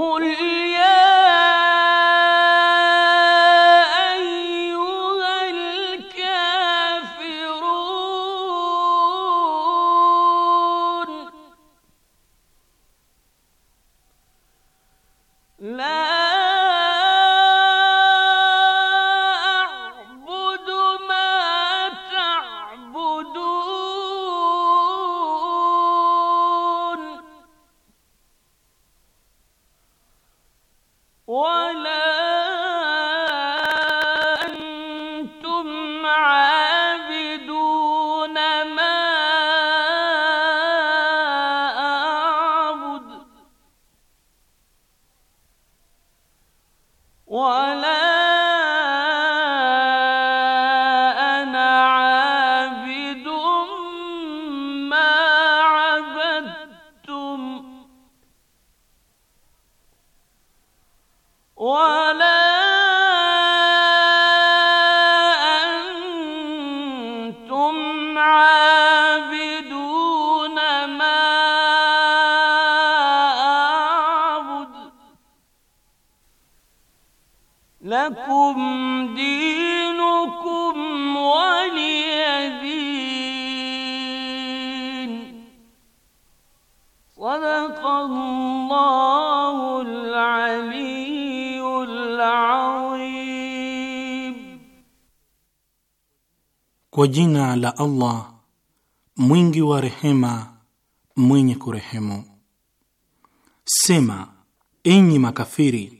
قل Lakum dinukum waliyadin. Sadakallahu al-aliyyul adhim. Kwa jina la Allah mwingi wa rehema mwenye kurehemu. Sema, enyi makafiri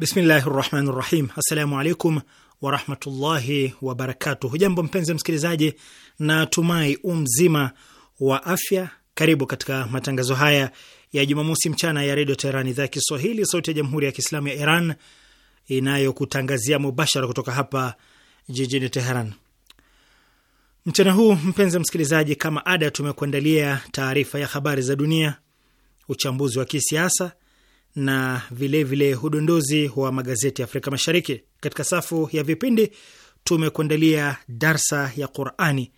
Bismillahi rahmani rahim. Assalamu alaikum warahmatullahi wabarakatuh. Hujambo mpenzi msikilizaji, na tumai umzima wa afya. Karibu katika matangazo haya ya Jumamosi mchana ya redio Teheran, idhaa ya Kiswahili, sauti ya jamhuri ya kiislamu ya Iran inayokutangazia mubashara kutoka hapa jijini Teheran. Mchana huu mpenzi msikilizaji, kama ada, tumekuandalia taarifa ya habari za dunia, uchambuzi wa kisiasa na vilevile vile udondozi wa magazeti ya Afrika Mashariki. Katika safu ya vipindi tumekuandalia darsa ya Qurani,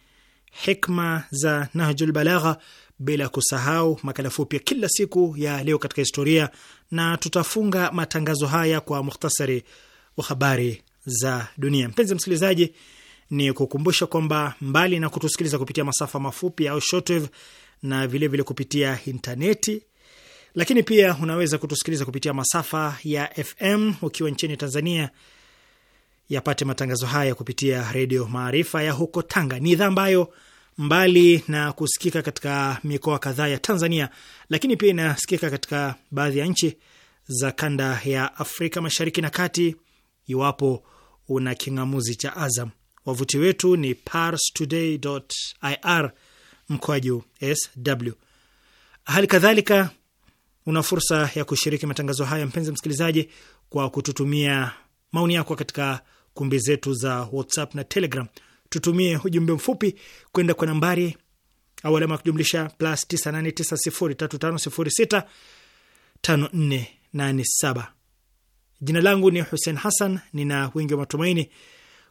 hikma za Nahjul Balagha, bila kusahau makala fupi ya kila siku ya leo katika historia, na tutafunga matangazo haya kwa mukhtasari wa habari za dunia. Mpenzi msikilizaji, ni kukumbusha kwamba mbali na kutusikiliza kupitia masafa mafupi au shortwave na vilevile vile kupitia intaneti lakini pia unaweza kutusikiliza kupitia masafa ya FM ukiwa nchini Tanzania, yapate matangazo haya kupitia Redio Maarifa ya huko Tanga. Ni idhaa ambayo mbali na kusikika katika mikoa kadhaa ya Tanzania, lakini pia inasikika katika baadhi ya nchi za kanda ya Afrika Mashariki na Kati, iwapo una king'amuzi cha Azam. Wavuti wetu ni parstoday.ir mkoaju sw. Hali kadhalika Una fursa ya kushiriki matangazo haya, mpenzi msikilizaji, kwa kututumia maoni yako katika kumbi zetu za WhatsApp na Telegram. Tutumie ujumbe mfupi kwenda kwa nambari au alama ya kujumlisha plus 989035065487. Jina langu ni Hussein Hassan, nina wingi wa matumaini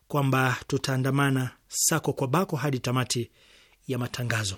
kwamba tutaandamana sako kwa bako hadi tamati ya matangazo.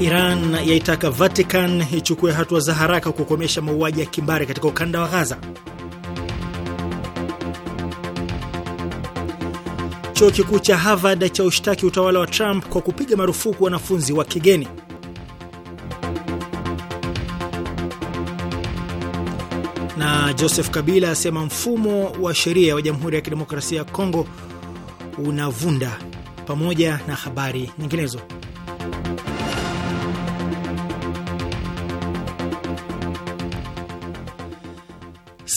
Iran yaitaka Vatican ichukue hatua za haraka kukomesha mauaji ya kimbari katika ukanda wa Gaza. Chuo kikuu cha Harvard cha ushtaki utawala wa Trump kwa kupiga marufuku wanafunzi wa kigeni. Na Joseph Kabila asema mfumo wa sheria wa Jamhuri ya Kidemokrasia ya Kongo unavunda, pamoja na habari nyinginezo.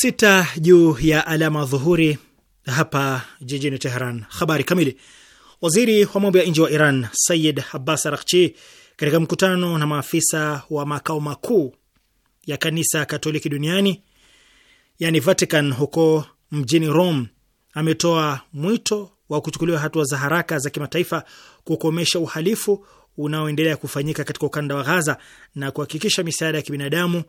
sita juu ya alama dhuhuri hapa jijini Teheran. Habari kamili. Waziri wa mambo ya nje wa Iran Sayid Abbas arakchi katika mkutano na maafisa wa makao makuu ya kanisa Katoliki duniani yani Vatican huko mjini Rome ametoa mwito wa kuchukuliwa hatua za haraka za kimataifa kukomesha uhalifu unaoendelea kufanyika katika ukanda wa Ghaza na kuhakikisha misaada ya kibinadamu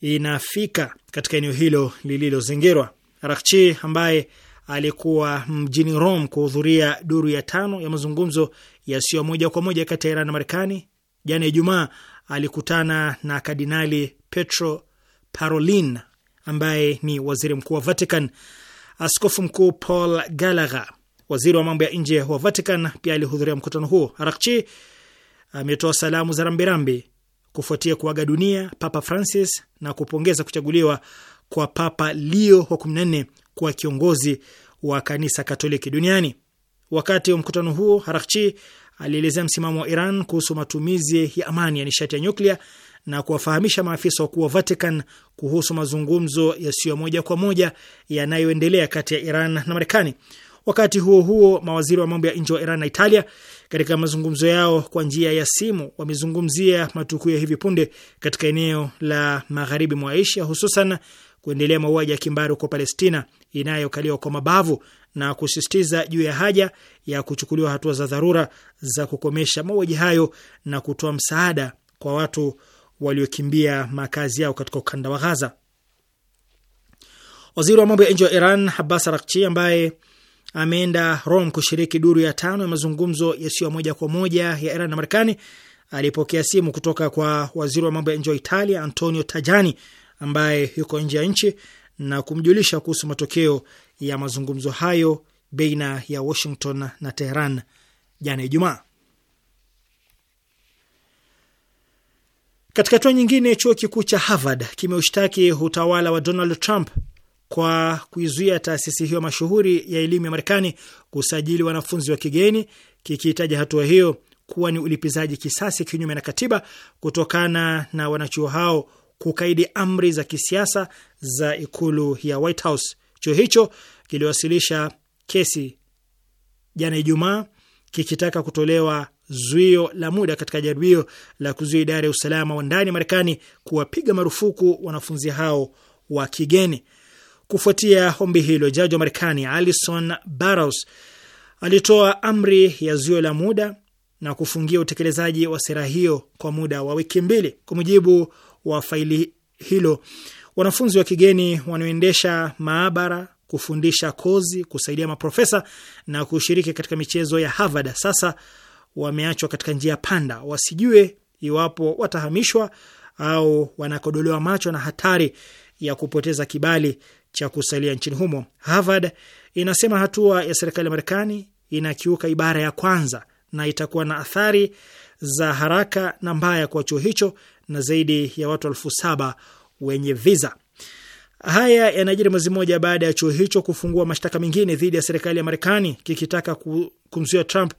inafika katika eneo hilo lililozingirwa. rakchi ambaye alikuwa mjini Rome kuhudhuria duru ya tano ya mazungumzo yasiyo moja kwa moja kati ya Iran na Marekani, jana Ijumaa alikutana na Kardinali Petro Parolin ambaye ni waziri mkuu wa Vatican. Askofu mkuu Paul Gallagher, waziri wa mambo ya nje wa Vatican, pia alihudhuria mkutano huo. Arakchi ametoa salamu za rambirambi kufuatia kuaga dunia Papa Francis na kupongeza kuchaguliwa kwa Papa Leo wa 14 kuwa kiongozi wa kanisa Katoliki duniani. Wakati wa mkutano huo, Harakchi alielezea msimamo wa Iran kuhusu matumizi ya amani ya nishati ya nyuklia na kuwafahamisha maafisa wakuu wa Vatican kuhusu mazungumzo yasiyo moja kwa moja yanayoendelea kati ya Iran na Marekani. Wakati huo huo, mawaziri wa mambo ya nje wa Iran na Italia katika mazungumzo yao kwa njia ya simu, wamezungumzia matukio ya hivi punde katika eneo la magharibi mwa Asia, hususan kuendelea mauaji ya kimbari huko Palestina inayokaliwa kwa mabavu na kusisitiza juu ya haja ya kuchukuliwa hatua za dharura za kukomesha mauaji hayo na kutoa msaada kwa watu waliokimbia makazi yao katika ukanda wa Ghaza. Waziri wa mambo ya nje wa Iran Abbas Araghchi ambaye ameenda Rome kushiriki duru ya tano ya mazungumzo yasiyo moja kwa moja ya Iran na Marekani. Alipokea simu kutoka kwa waziri wa mambo ya nje wa Italia Antonio Tajani ambaye yuko nje ya nchi na kumjulisha kuhusu matokeo ya mazungumzo hayo baina ya Washington na Teheran jana Ijumaa. Katika hatua nyingine, chuo kikuu cha Harvard kimeushtaki utawala wa Donald Trump kwa kuizuia taasisi hiyo mashuhuri ya elimu ya Marekani kusajili wanafunzi wa kigeni, kikihitaja hatua hiyo kuwa ni ulipizaji kisasi kinyume na katiba kutokana na wanachuo hao kukaidi amri za kisiasa za ikulu ya White House. Chuo hicho kiliwasilisha kesi jana Ijumaa kikitaka kutolewa zuio la muda katika jaribio la kuzuia idara ya usalama wa ndani Marekani kuwapiga marufuku wanafunzi hao wa kigeni. Kufuatia ombi hilo, jaji wa Marekani Alison Barrows alitoa amri ya zuio la muda na kufungia utekelezaji wa sera hiyo kwa muda wa wiki mbili. Kwa mujibu wa faili hilo, wanafunzi wa kigeni wanaoendesha maabara, kufundisha kozi, kusaidia maprofesa na kushiriki katika michezo ya Harvard sasa wameachwa katika njia panda, wasijue iwapo watahamishwa au wanakodolewa macho na hatari ya kupoteza kibali cha kusalia nchini humo. Harvard inasema hatua ya serikali ya Marekani inakiuka ibara ya kwanza na itakuwa na athari za haraka na mbaya kwa chuo hicho na zaidi ya watu elfu saba wenye viza. Haya yanajiri mwezi mmoja baada ya chuo hicho kufungua mashtaka mengine dhidi ya serikali ya Marekani kikitaka kumzuia Trump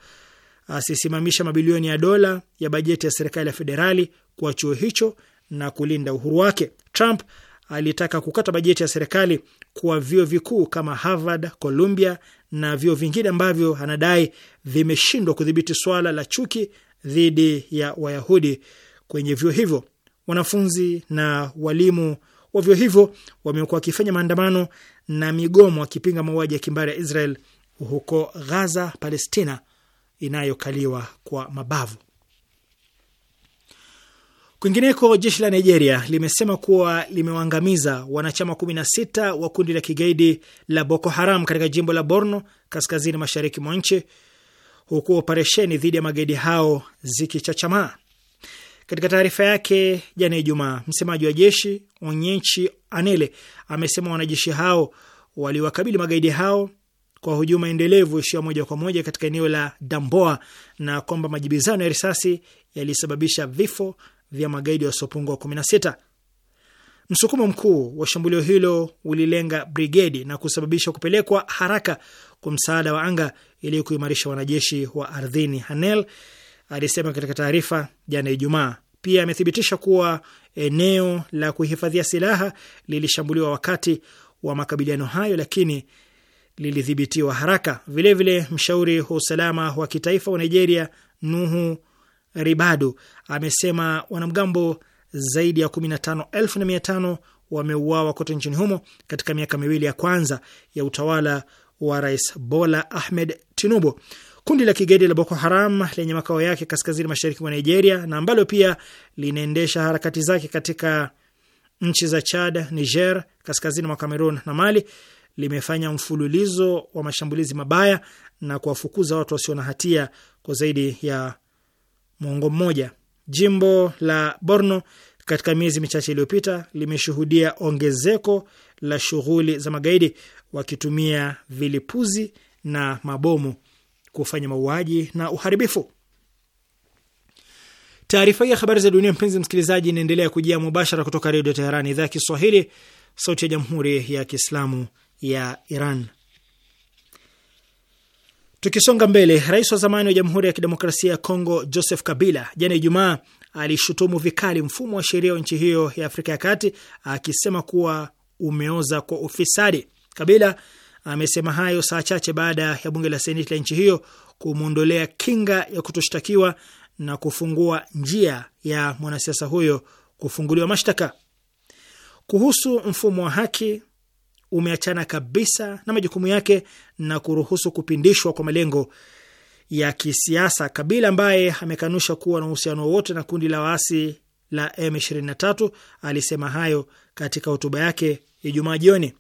asisimamisha mabilioni ya dola ya bajeti ya serikali ya federali kwa chuo hicho na kulinda uhuru wake. Trump alitaka kukata bajeti ya serikali kwa vyuo vikuu kama Harvard, Columbia na vyuo vingine ambavyo anadai vimeshindwa kudhibiti swala la chuki dhidi ya Wayahudi kwenye vyuo hivyo. Wanafunzi na walimu wa vyuo hivyo wamekuwa wakifanya maandamano na migomo wakipinga mauaji ya kimbari ya Israel huko Gaza, Palestina inayokaliwa kwa mabavu. Kwingineko, jeshi la Nigeria limesema kuwa limewaangamiza wanachama 16 wa kundi la kigaidi la Boko Haram katika jimbo la Borno, kaskazini mashariki mwa nchi, huku operesheni dhidi ya magaidi hao zikichachamaa. Katika taarifa yake jana Ijumaa, msemaji wa jeshi Onyechi Anele amesema wanajeshi hao waliwakabili magaidi hao kwa hujuma endelevu isiyo moja kwa moja katika eneo la Damboa na kwamba majibizano ya risasi yalisababisha vifo vya magaidi wasiopungua sita. Msukumo mkuu wa shambulio hilo ulilenga brigedi na kusababisha kupelekwa haraka kwa msaada wa anga ili kuimarisha wanajeshi wa ardhini, Hanel alisema katika taarifa jana Ijumaa. Pia amethibitisha kuwa eneo la kuhifadhia silaha lilishambuliwa wakati wa makabiliano hayo, lakini lilidhibitiwa haraka. Vilevile, mshauri wa usalama wa kitaifa wa Nigeria Nuhu Ribadu amesema wanamgambo zaidi ya 15,500 wameuawa kote nchini humo katika miaka miwili ya kwanza ya utawala wa Rais Bola Ahmed Tinubu. Kundi la kigaidi la Boko Haram lenye makao yake kaskazini mashariki mwa Nigeria na ambalo pia linaendesha harakati zake katika nchi za Chad, Niger, kaskazini mwa Cameroon na Mali limefanya mfululizo wa mashambulizi mabaya na kuwafukuza watu wasio na hatia kwa zaidi ya mwongo mmoja. Jimbo la Borno katika miezi michache iliyopita limeshuhudia ongezeko la shughuli za magaidi wakitumia vilipuzi na mabomu kufanya mauaji na uharibifu. Taarifa hii ya habari za dunia, mpenzi msikilizaji, inaendelea kujia mubashara kutoka Redio Teherani, idhaa ya Kiswahili, sauti ya Jamhuri ya Kiislamu ya Iran. Tukisonga mbele, rais wa zamani wa Jamhuri ya Kidemokrasia ya Kongo Joseph Kabila jana Ijumaa alishutumu vikali mfumo wa sheria wa nchi hiyo ya Afrika ya Kati akisema kuwa umeoza kwa ufisadi. Kabila amesema hayo saa chache baada ya bunge la seneti la nchi hiyo kumwondolea kinga ya kutoshtakiwa na kufungua njia ya mwanasiasa huyo kufunguliwa mashtaka. Kuhusu mfumo wa haki, umeachana kabisa na majukumu yake na kuruhusu kupindishwa kwa malengo ya kisiasa. Kabila ambaye amekanusha kuwa na uhusiano wowote na kundi la waasi la M23 alisema hayo katika hotuba yake Ijumaa jioni.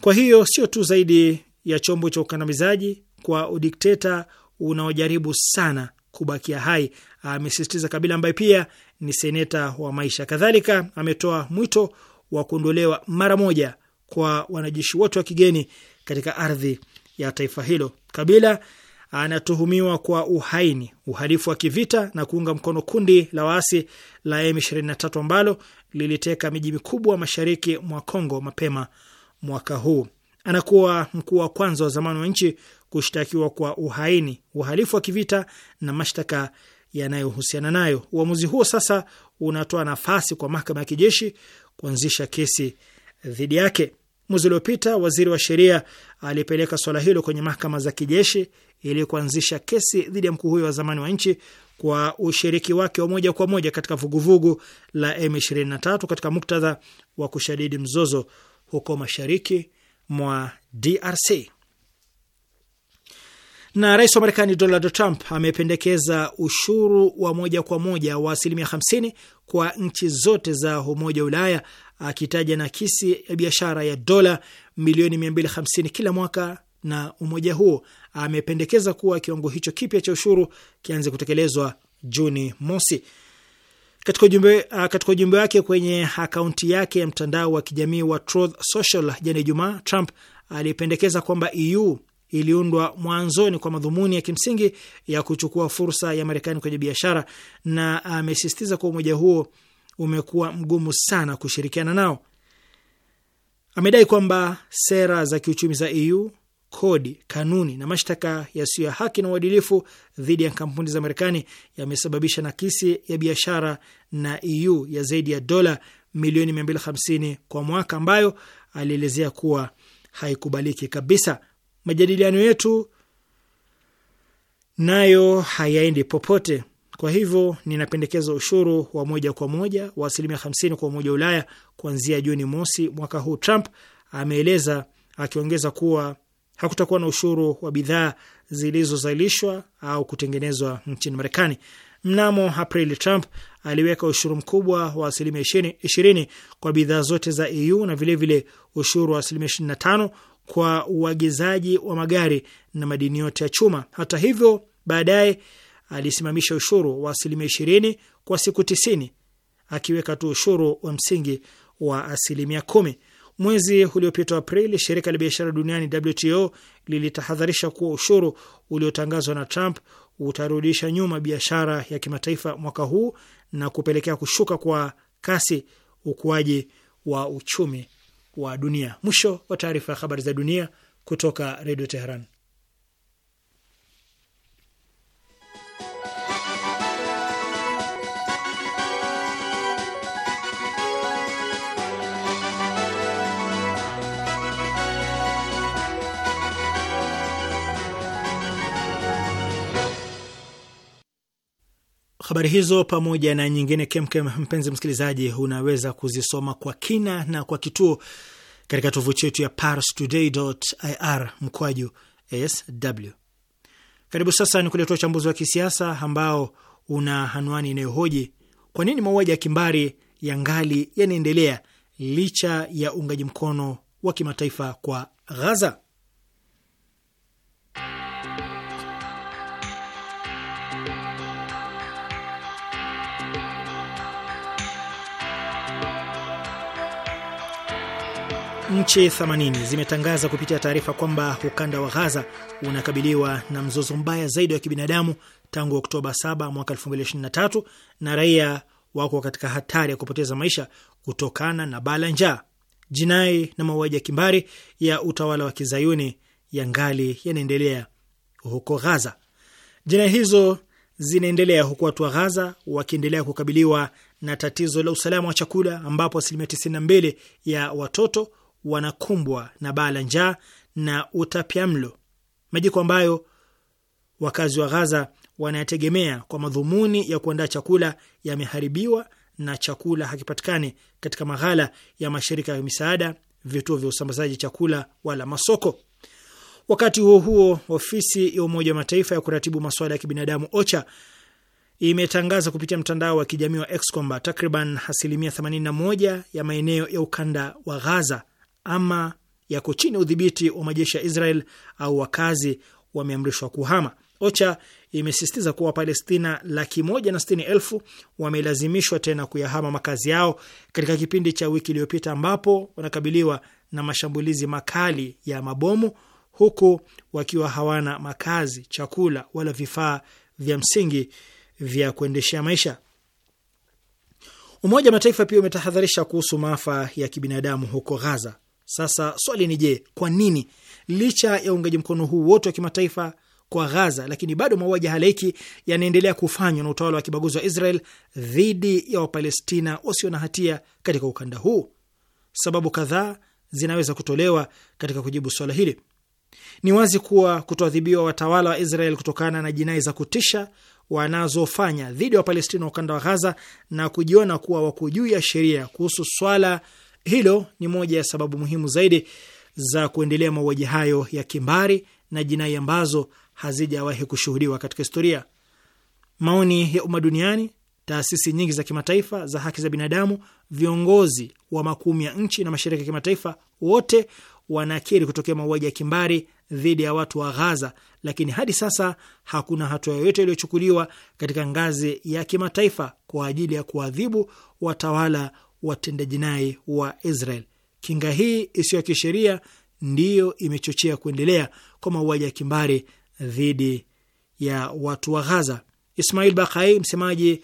Kwa hiyo sio tu zaidi ya chombo cha ukandamizaji kwa udikteta unaojaribu sana kubakia hai, amesisitiza Kabila ambaye pia ni seneta wa maisha. Kadhalika ametoa mwito wa kuondolewa mara moja kwa wanajeshi wote wa kigeni katika ardhi ya taifa hilo. Kabila anatuhumiwa kwa uhaini, uhalifu wa kivita na kuunga mkono kundi la waasi la M23 ambalo liliteka miji mikubwa mashariki mwa Kongo mapema mwaka huu. Anakuwa mkuu wa kwanza wa zamani wa nchi kushtakiwa kwa uhaini, uhalifu wa kivita na mashtaka yanayohusiana nayo. Uamuzi huo sasa unatoa nafasi kwa mahakama ya kijeshi kuanzisha kesi dhidi yake. Mwezi uliopita waziri wa sheria alipeleka swala hilo kwenye mahakama za kijeshi ili kuanzisha kesi dhidi ya mkuu huyo wa zamani wa nchi kwa ushiriki wake wa moja kwa moja katika vuguvugu la M23 katika muktadha wa kushadidi mzozo huko mashariki mwa DRC. Na rais wa Marekani Donald Trump amependekeza ushuru wa moja kwa moja wa asilimia 50 kwa nchi zote za Umoja wa Ulaya akitaja nakisi ya biashara ya dola milioni 250 kila mwaka, na umoja huo amependekeza kuwa kiwango hicho kipya cha ushuru kianze kutekelezwa Juni mosi. Katika ujumbe, wake kwenye akaunti yake ya mtandao wa kijamii wa Truth Social jana Ijumaa, Trump alipendekeza kwamba EU iliundwa mwanzoni kwa madhumuni ya kimsingi ya kuchukua fursa ya Marekani kwenye biashara, na amesisitiza kuwa umoja huo umekuwa mgumu sana kushirikiana nao. Amedai kwamba sera za kiuchumi za EU, kodi, kanuni na mashtaka yasiyo ya haki na uadilifu dhidi ya kampuni za Marekani yamesababisha nakisi ya biashara na EU ya zaidi ya dola milioni 250 kwa mwaka, ambayo alielezea kuwa haikubaliki kabisa. Majadiliano yetu nayo hayaendi popote. Kwa hivyo ninapendekeza ushuru wa moja kwa moja wa asilimia 50 kwa Umoja wa Ulaya kuanzia Juni mosi mwaka huu, Trump ameeleza, akiongeza kuwa hakutakuwa na ushuru wa bidhaa zilizozalishwa au kutengenezwa nchini Marekani. Mnamo Aprili, Trump aliweka ushuru mkubwa wa asilimia 20 kwa bidhaa zote za EU na vilevile vile ushuru wa asilimia 25 kwa uagizaji wa magari na madini yote ya chuma. Hata hivyo, baadaye alisimamisha ushuru wa asilimia ishirini kwa siku tisini akiweka tu ushuru wa msingi wa asilimia kumi. Mwezi uliopita Aprili, shirika la biashara duniani WTO lilitahadharisha kuwa ushuru uliotangazwa na Trump utarudisha nyuma biashara ya kimataifa mwaka huu na kupelekea kushuka kwa kasi ukuaji wa uchumi wa dunia. Mwisho wa taarifa ya habari za dunia kutoka Redio Teheran. Habari hizo pamoja na nyingine kemkem, mpenzi msikilizaji, unaweza kuzisoma kwa kina na kwa kituo katika tovuti yetu ya parstoday.ir mkwaju sw. Karibu sasa ni kuletea uchambuzi wa kisiasa ambao una anwani inayohoji kwa nini mauaji ya kimbari ya ngali yanaendelea licha ya uungaji mkono wa kimataifa kwa Ghaza. Nchi 80 zimetangaza kupitia taarifa kwamba ukanda wa Ghaza unakabiliwa na mzozo mbaya zaidi wa kibinadamu tangu Oktoba 7 mwaka 2023 na raia wako katika hatari ya kupoteza maisha kutokana na bala njaa. Jinai na mauaji ya kimbari ya utawala wa kizayuni ya ngali yanaendelea huko Ghaza. Jinai hizo zinaendelea huku watu wa Ghaza wakiendelea kukabiliwa na tatizo la usalama wa chakula, ambapo asilimia 92 ya watoto wanakumbwa na baa la njaa na utapiamlo, majiko ambayo wakazi wa Ghaza wanayategemea kwa madhumuni ya kuandaa chakula yameharibiwa na chakula hakipatikani katika maghala ya mashirika ya misaada, vituo vya usambazaji chakula wala masoko. Wakati huo huo, ofisi ya Umoja wa Mataifa ya kuratibu masuala ya kibinadamu OCHA imetangaza kupitia mtandao wa kijamii wa X kwamba takriban asilimia 81 ya maeneo ya ukanda wa Ghaza ama yako chini ya udhibiti wa majeshi ya Israel au wakazi wameamrishwa kuhama. OCHA imesisitiza kuwa Wapalestina laki moja na sitini elfu wamelazimishwa tena kuyahama makazi yao katika kipindi cha wiki iliyopita, ambapo wanakabiliwa na mashambulizi makali ya mabomu huku wakiwa hawana makazi, chakula wala vifaa vya msingi vya kuendeshea maisha. Umoja wa Mataifa pia umetahadharisha kuhusu maafa ya kibinadamu huko Ghaza. Sasa swali ni je, kwa nini licha ya uungaji mkono huu wote wa kimataifa kwa Ghaza, lakini bado mauaji halaiki yanaendelea kufanywa na utawala wa kibaguzi wa Israel dhidi ya Wapalestina wasio na hatia katika ukanda huu? Sababu kadhaa zinaweza kutolewa katika kujibu swala hili. Ni wazi kuwa kutoadhibiwa watawala wa Israel kutokana na jinai za kutisha wanazofanya dhidi ya Wapalestina wa ukanda wa Ghaza na kujiona kuwa wako juu ya sheria kuhusu swala hilo ni moja ya sababu muhimu zaidi za kuendelea mauaji hayo ya kimbari na jinai ambazo hazijawahi kushuhudiwa katika historia. Maoni ya umma duniani, taasisi nyingi za kimataifa za haki za binadamu, viongozi wa makumi ya nchi na mashirika ya kimataifa, wote wanakiri kutokea mauaji ya kimbari dhidi ya watu wa Ghaza, lakini hadi sasa hakuna hatua yoyote iliyochukuliwa katika ngazi ya kimataifa kwa ajili ya kuadhibu watawala watenda jinai wa Israel. Kinga hii isiyo ya kisheria ndiyo imechochea kuendelea kwa mauaji ya kimbari dhidi ya watu wa Ghaza. Ismail Bakai, msemaji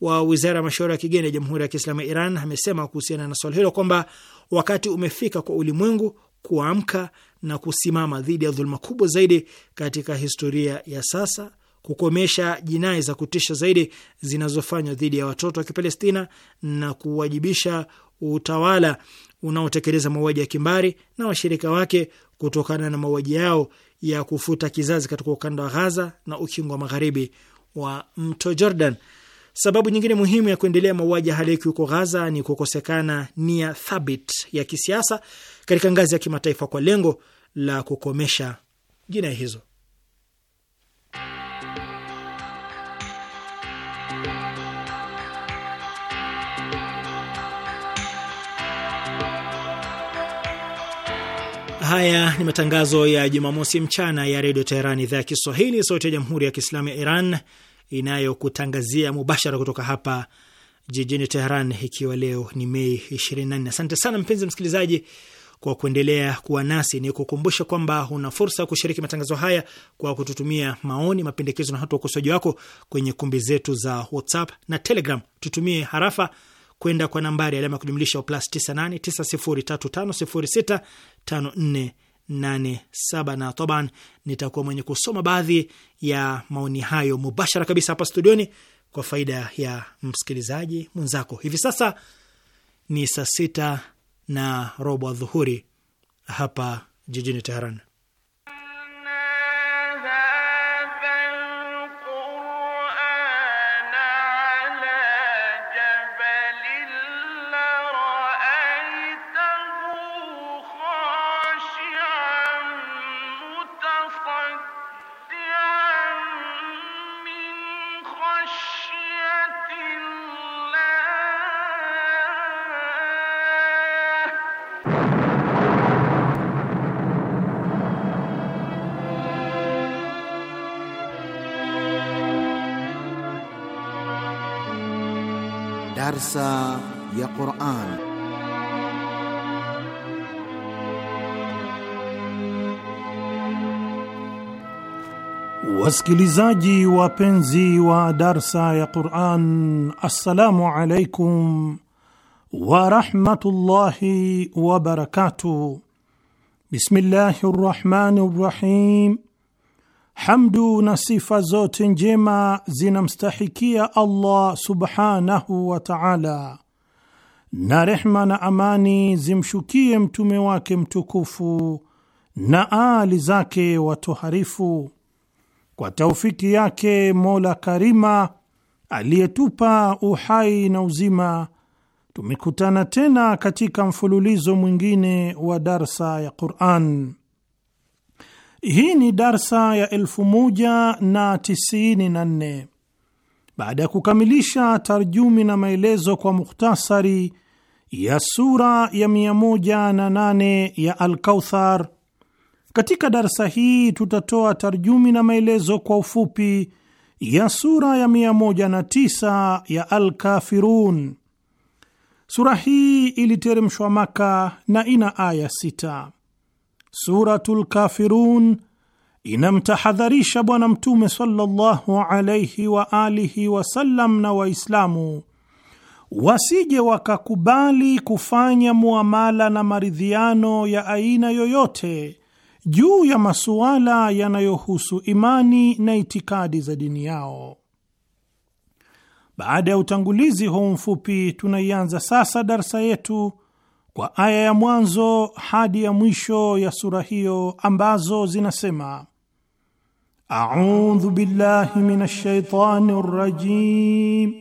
wa wizara ya mashauri ya kigeni ya Jamhuri ya Kiislamu ya Iran, amesema kuhusiana na swala hilo kwamba wakati umefika kwa ulimwengu kuamka na kusimama dhidi ya dhuluma kubwa zaidi katika historia ya sasa kukomesha jinai za kutisha zaidi zinazofanywa dhidi ya watoto wa Kipalestina na kuwajibisha utawala unaotekeleza mauaji ya kimbari na washirika wake kutokana na mauaji yao ya kufuta kizazi katika ukanda wa Ghaza na ukingo wa magharibi wa mto Jordan. Sababu nyingine muhimu ya kuendelea mauaji halaiki huko Ghaza ni kukosekana nia thabit ya kisiasa katika ngazi ya kimataifa kwa lengo la kukomesha jinai hizo. Haya ni matangazo ya Jumamosi mchana ya Redio Teheran, idhaa ya Kiswahili, sauti ya Jamhuri ya Kiislamu ya Iran inayokutangazia mubashara kutoka hapa jijini Teheran, ikiwa leo ni Mei 24. Asante sana mpenzi msikilizaji kwa kuendelea kuwa nasi. Ni kukumbusha kwamba una fursa ya kushiriki matangazo haya kwa kututumia maoni, mapendekezo na hata ukosoaji wako kwenye kumbi zetu za WhatsApp na Telegram. Tutumie harafa kwenda kwa nambari alama ya kujumlisha plus 989035065487 na toban nitakuwa mwenye kusoma baadhi ya maoni hayo mubashara kabisa hapa studioni kwa faida ya msikilizaji mwenzako. Hivi sasa ni saa sita na robo adhuhuri hapa jijini Teheran. Wasikilizaji wapenzi wa darsa ya Quran, assalamu alaikum warahmatullahi wabarakatuh. Bismillahi rahmani rahim Hamdu na sifa zote njema zinamstahikia Allah subhanahu wa taala, na rehma na amani zimshukie mtume wake mtukufu na aali zake watoharifu kwa taufiki yake Mola Karima aliyetupa uhai na uzima, tumekutana tena katika mfululizo mwingine wa darsa ya Quran. Hii ni darsa ya elfu moja na tisini na nne baada ya kukamilisha tarjumi na maelezo kwa mukhtasari ya sura ya mia moja na nane ya Alkauthar. Katika darsa hii tutatoa tarjumi na maelezo kwa ufupi ya sura ya 109 ya alkafirun Sura hii iliteremshwa Maka na ina aya sita. Suratul Kafirun inamtahadharisha Bwana Mtume sallallahu alayhi wa alihi wasallam na Waislamu wasije wakakubali kufanya muamala na maridhiano ya aina yoyote juu ya masuala yanayohusu imani na itikadi za dini yao. Baada ya utangulizi huu mfupi, tunaianza sasa darsa yetu kwa aya ya mwanzo hadi ya mwisho ya sura hiyo ambazo zinasema: audhu billahi minash shaitani rrajim,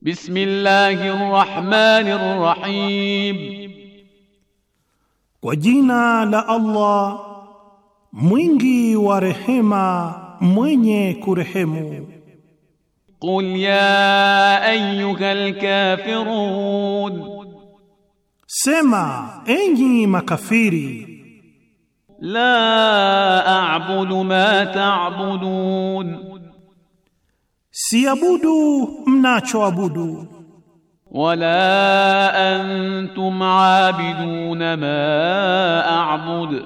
bismillahi rahmani rahim. Kwa jina la Allah mwingi wa rehema, mwenye kurehemu. Qul ya ayyuhal kafirun, sema enyi makafiri. La a'budu ma ta'budun, siabudu mnachoabudu ولا أنتم عابدون ما أعبد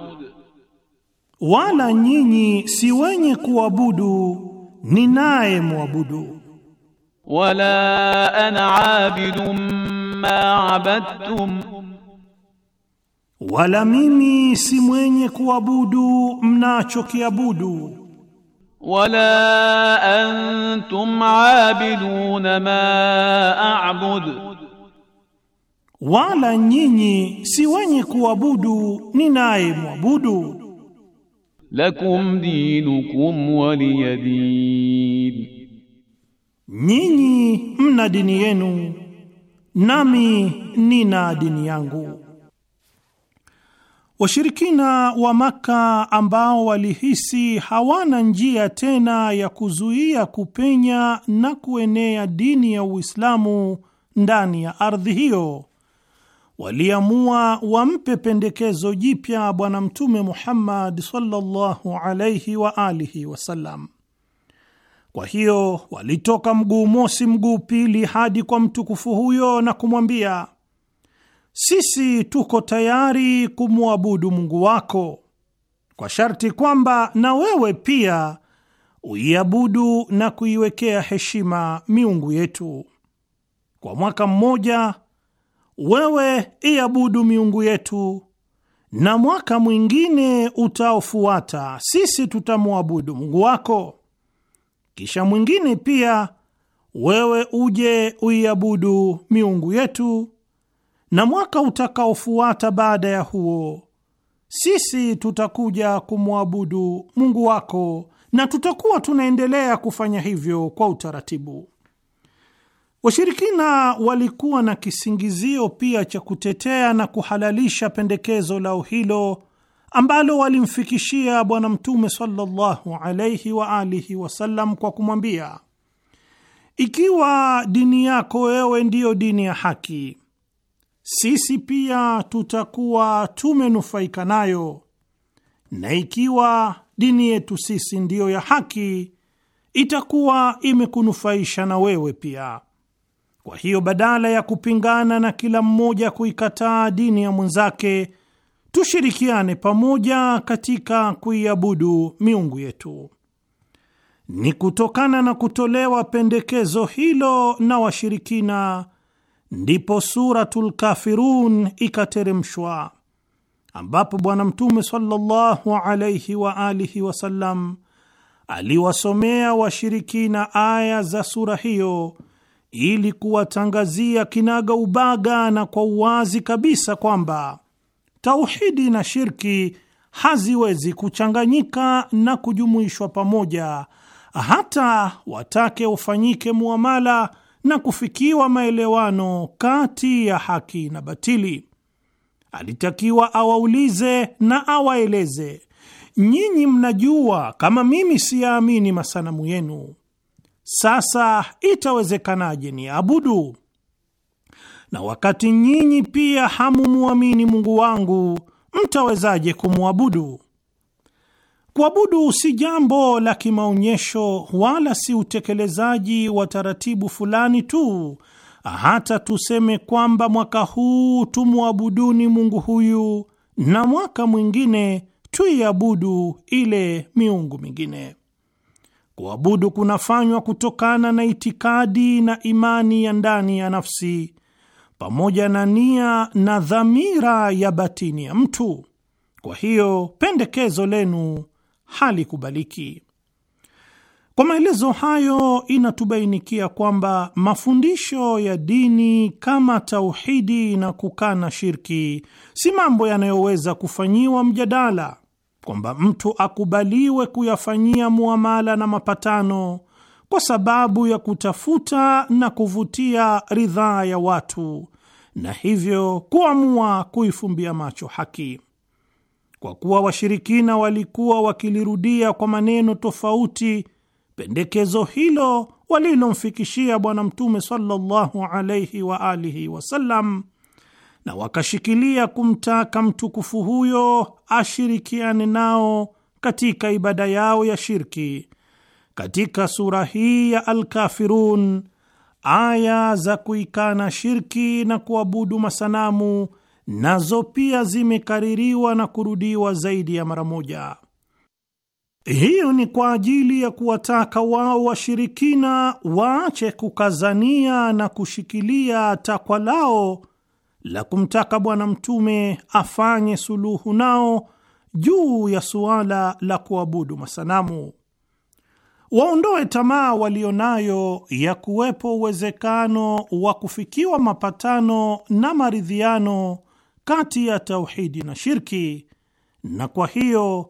ولا نيني سواني كوابدو نناي موابدو ولا أنا عابد ما عبدتم ولا ميمي سواني كوابدو مناچو كيابدو wala antum aabidun ma a'bud, wala nyinyi si wenye kuabudu ninaye mwabudu. Lakum dinukum waliyadin, nyinyi mna dini yenu nami nina dini yangu. Washirikina wa Maka ambao walihisi hawana njia tena ya kuzuia kupenya na kuenea dini ya Uislamu ndani ya ardhi hiyo, waliamua wampe pendekezo jipya Bwana Mtume Muhammad sallallahu alayhi wa alihi wasallam. Kwa hiyo walitoka mguu mosi mguu pili hadi kwa mtukufu huyo na kumwambia sisi tuko tayari kumwabudu Mungu wako kwa sharti kwamba na wewe pia uiabudu na kuiwekea heshima miungu yetu. Kwa mwaka mmoja wewe iabudu miungu yetu, na mwaka mwingine utaofuata sisi tutamwabudu Mungu wako, kisha mwingine pia wewe uje uiabudu miungu yetu na mwaka utakaofuata baada ya huo sisi tutakuja kumwabudu Mungu wako na tutakuwa tunaendelea kufanya hivyo kwa utaratibu. Washirikina walikuwa na kisingizio pia cha kutetea na kuhalalisha pendekezo lao hilo ambalo walimfikishia Bwana Mtume sallallahu alaihi wa alihi wasallam kwa kumwambia, ikiwa dini yako wewe ndiyo dini ya haki sisi pia tutakuwa tumenufaika nayo, na ikiwa dini yetu sisi ndiyo ya haki, itakuwa imekunufaisha na wewe pia. Kwa hiyo badala ya kupingana na kila mmoja kuikataa dini ya mwenzake, tushirikiane pamoja katika kuiabudu miungu yetu. Ni kutokana na kutolewa pendekezo hilo na washirikina ndipo Suratul Kafirun ikateremshwa, ambapo Bwana Mtume sallallahu alayhi wa alihi wasallam aliwasomea washirikina aya za sura hiyo ili kuwatangazia kinaga ubaga na kwa uwazi kabisa kwamba tauhidi na shirki haziwezi kuchanganyika na kujumuishwa pamoja, hata watake ufanyike muamala na kufikiwa maelewano kati ya haki na batili. Alitakiwa awaulize na awaeleze, nyinyi mnajua kama mimi siyaamini masanamu yenu, sasa itawezekanaje niabudu? Na wakati nyinyi pia hamumwamini Mungu wangu, mtawezaje kumwabudu? Kuabudu si jambo la kimaonyesho wala si utekelezaji wa taratibu fulani tu, hata tuseme kwamba mwaka huu tumwabuduni Mungu huyu na mwaka mwingine tuiabudu ile miungu mingine. Kuabudu kunafanywa kutokana na itikadi na imani ya ndani ya nafsi pamoja na nia na dhamira ya batini ya mtu. Kwa hiyo pendekezo lenu halikubaliki. Kwa maelezo hayo inatubainikia kwamba mafundisho ya dini kama tauhidi na kukana shirki si mambo yanayoweza kufanyiwa mjadala, kwamba mtu akubaliwe kuyafanyia muamala na mapatano kwa sababu ya kutafuta na kuvutia ridhaa ya watu, na hivyo kuamua kuifumbia macho haki kwa kuwa washirikina walikuwa wakilirudia kwa maneno tofauti pendekezo hilo walilomfikishia Bwana Mtume sallallahu alaihi wa alihi wasallam, na wakashikilia kumtaka mtukufu huyo ashirikiane nao katika ibada yao ya shirki. Katika sura hii ya Alkafirun, aya za kuikana shirki na kuabudu masanamu nazo pia zimekaririwa na kurudiwa zaidi ya mara moja. Hiyo ni kwa ajili ya kuwataka wao washirikina waache kukazania na kushikilia takwa lao la kumtaka Bwana Mtume afanye suluhu nao juu ya suala la kuabudu masanamu, waondoe tamaa walionayo ya kuwepo uwezekano wa kufikiwa mapatano na maridhiano kati ya tauhidi na shirki, na kwa hiyo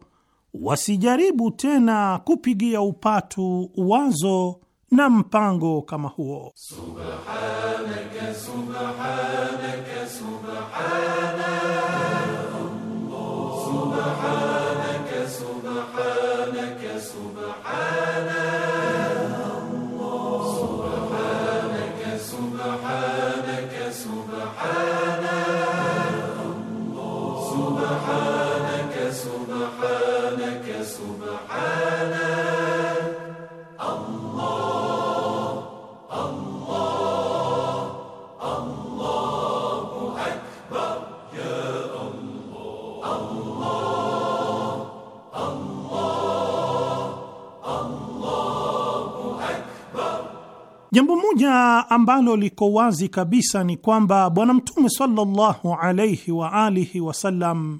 wasijaribu tena kupigia upatu wazo na mpango kama huo. Subhanaka, subhanaka, subhanaka, Allah, subhanaka. Jambo moja ambalo liko wazi kabisa ni kwamba Bwana Mtume sallallahu alaihi wa alihi wasallam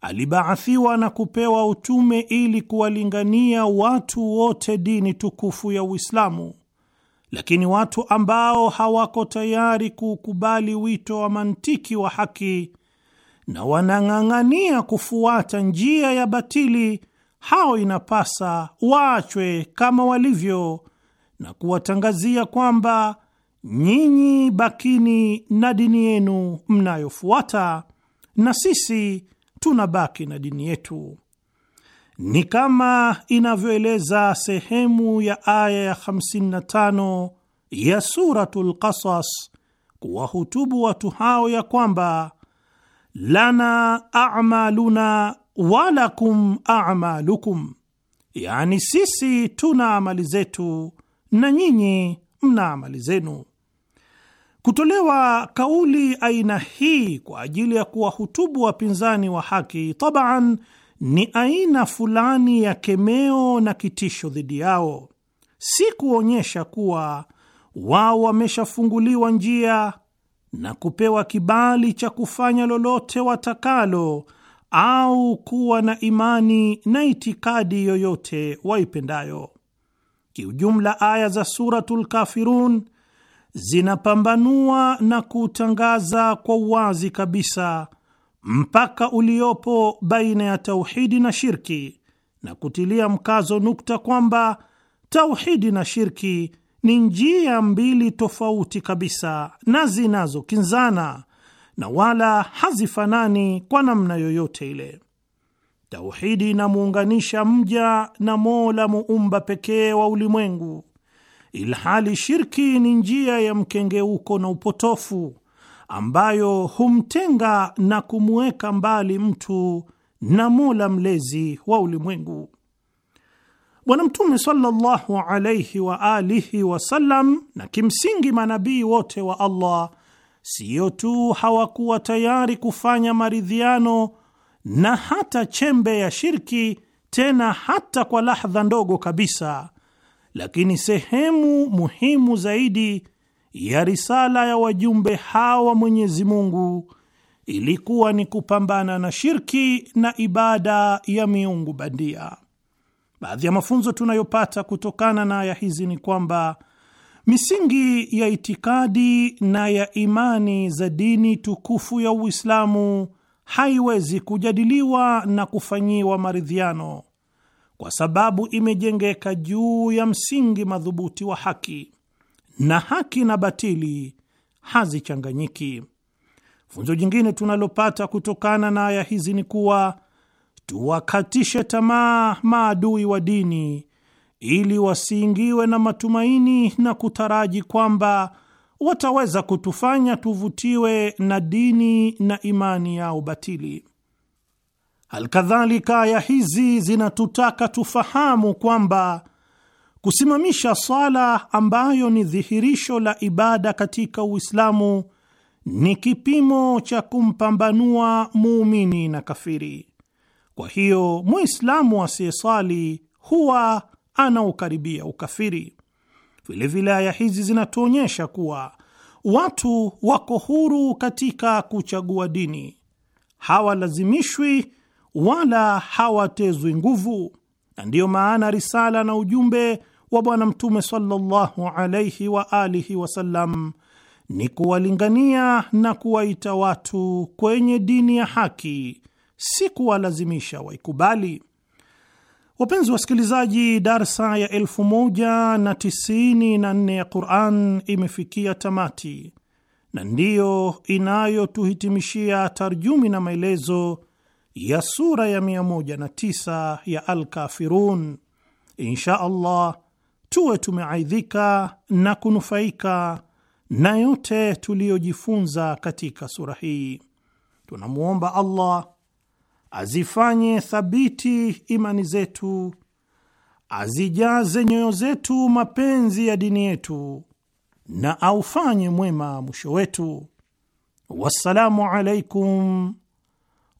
alibaathiwa na kupewa utume ili kuwalingania watu wote dini tukufu ya Uislamu, lakini watu ambao hawako tayari kuukubali wito wa mantiki wa haki na wanang'ang'ania kufuata njia ya batili, hao inapasa waachwe kama walivyo na kuwatangazia kwamba nyinyi bakini na dini yenu mnayofuata na sisi tunabaki na dini yetu. Ni kama inavyoeleza sehemu ya aya ya 55 ya Suratul Qasas kuwahutubu watu hao ya kwamba lana amaluna walakum amalukum, yani sisi tuna amali zetu na nyinyi mna amali zenu. Kutolewa kauli aina hii kwa ajili ya kuwahutubu wapinzani wa haki taban ni aina fulani ya kemeo na kitisho dhidi yao, si kuonyesha kuwa wao wameshafunguliwa njia na kupewa kibali cha kufanya lolote watakalo au kuwa na imani na itikadi yoyote waipendayo. Kiujumla, aya za Suratul Kafirun zinapambanua na kutangaza kwa uwazi kabisa mpaka uliopo baina ya tauhidi na shirki na kutilia mkazo nukta kwamba tauhidi na shirki ni njia mbili tofauti kabisa na zinazokinzana na wala hazifanani kwa namna yoyote ile. Tauhidi inamuunganisha mja na Mola muumba pekee wa ulimwengu, ilhali shirki ni njia ya mkengeuko na upotofu ambayo humtenga na kumweka mbali mtu na Mola mlezi wa ulimwengu. Bwana Mtume sallallahu alaihi wa alihi wasallam na kimsingi manabii wote wa Allah siyo tu hawakuwa tayari kufanya maridhiano na hata chembe ya shirki, tena hata kwa lahdha ndogo kabisa. Lakini sehemu muhimu zaidi ya risala ya wajumbe hawa Mwenyezi Mungu ilikuwa ni kupambana na shirki na ibada ya miungu bandia. Baadhi ya mafunzo tunayopata kutokana na aya hizi ni kwamba misingi ya itikadi na ya imani za dini tukufu ya Uislamu haiwezi kujadiliwa na kufanyiwa maridhiano kwa sababu imejengeka juu ya msingi madhubuti wa haki, na haki na batili hazichanganyiki. Funzo jingine tunalopata kutokana na aya hizi ni kuwa tuwakatishe tamaa maadui wa dini ili wasiingiwe na matumaini na kutaraji kwamba wataweza kutufanya tuvutiwe na dini na imani yao batili. Alkadhalika, aya hizi zinatutaka tufahamu kwamba kusimamisha swala ambayo ni dhihirisho la ibada katika Uislamu ni kipimo cha kumpambanua muumini na kafiri. Kwa hiyo Muislamu asiyeswali huwa anaukaribia ukafiri. Vilevile aya hizi zinatuonyesha kuwa watu wako huru katika kuchagua dini, hawalazimishwi wala hawatezwi nguvu, na ndiyo maana risala na ujumbe wa Bwana Mtume sallallahu alaihi wa alihi wasallam ni kuwalingania na kuwaita watu kwenye dini ya haki, si kuwalazimisha waikubali. Wapenzi wasikilizaji, darsa ya elfu na ya Quran imefikia tamati na ndiyo inayotuhitimishia tarjumi na maelezo ya sura ya 109 ya Alkafirun. Insha Allah tuwe tumeaidhika na kunufaika na yote tuliyojifunza katika sura hii. Tunamwomba Allah azifanye thabiti imani zetu, azijaze nyoyo zetu mapenzi ya dini yetu, na aufanye mwema mwisho wetu. Wassalamu alaikum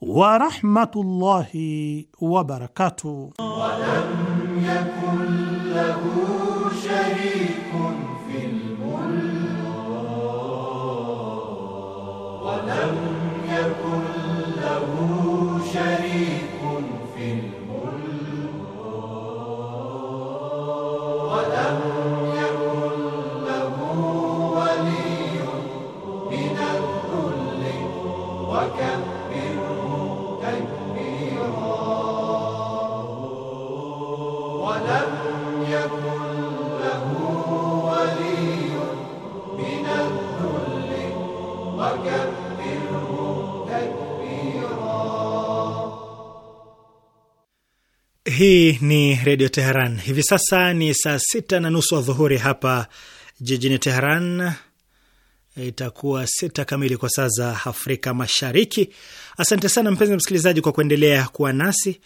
warahmatullahi wabarakatuh. Hii ni Redio Teheran. Hivi sasa ni saa sita na nusu adhuhuri hapa jijini Teheran, itakuwa sita kamili kwa saa za Afrika Mashariki. Asante sana mpenzi msikilizaji kwa kuendelea kuwa nasi,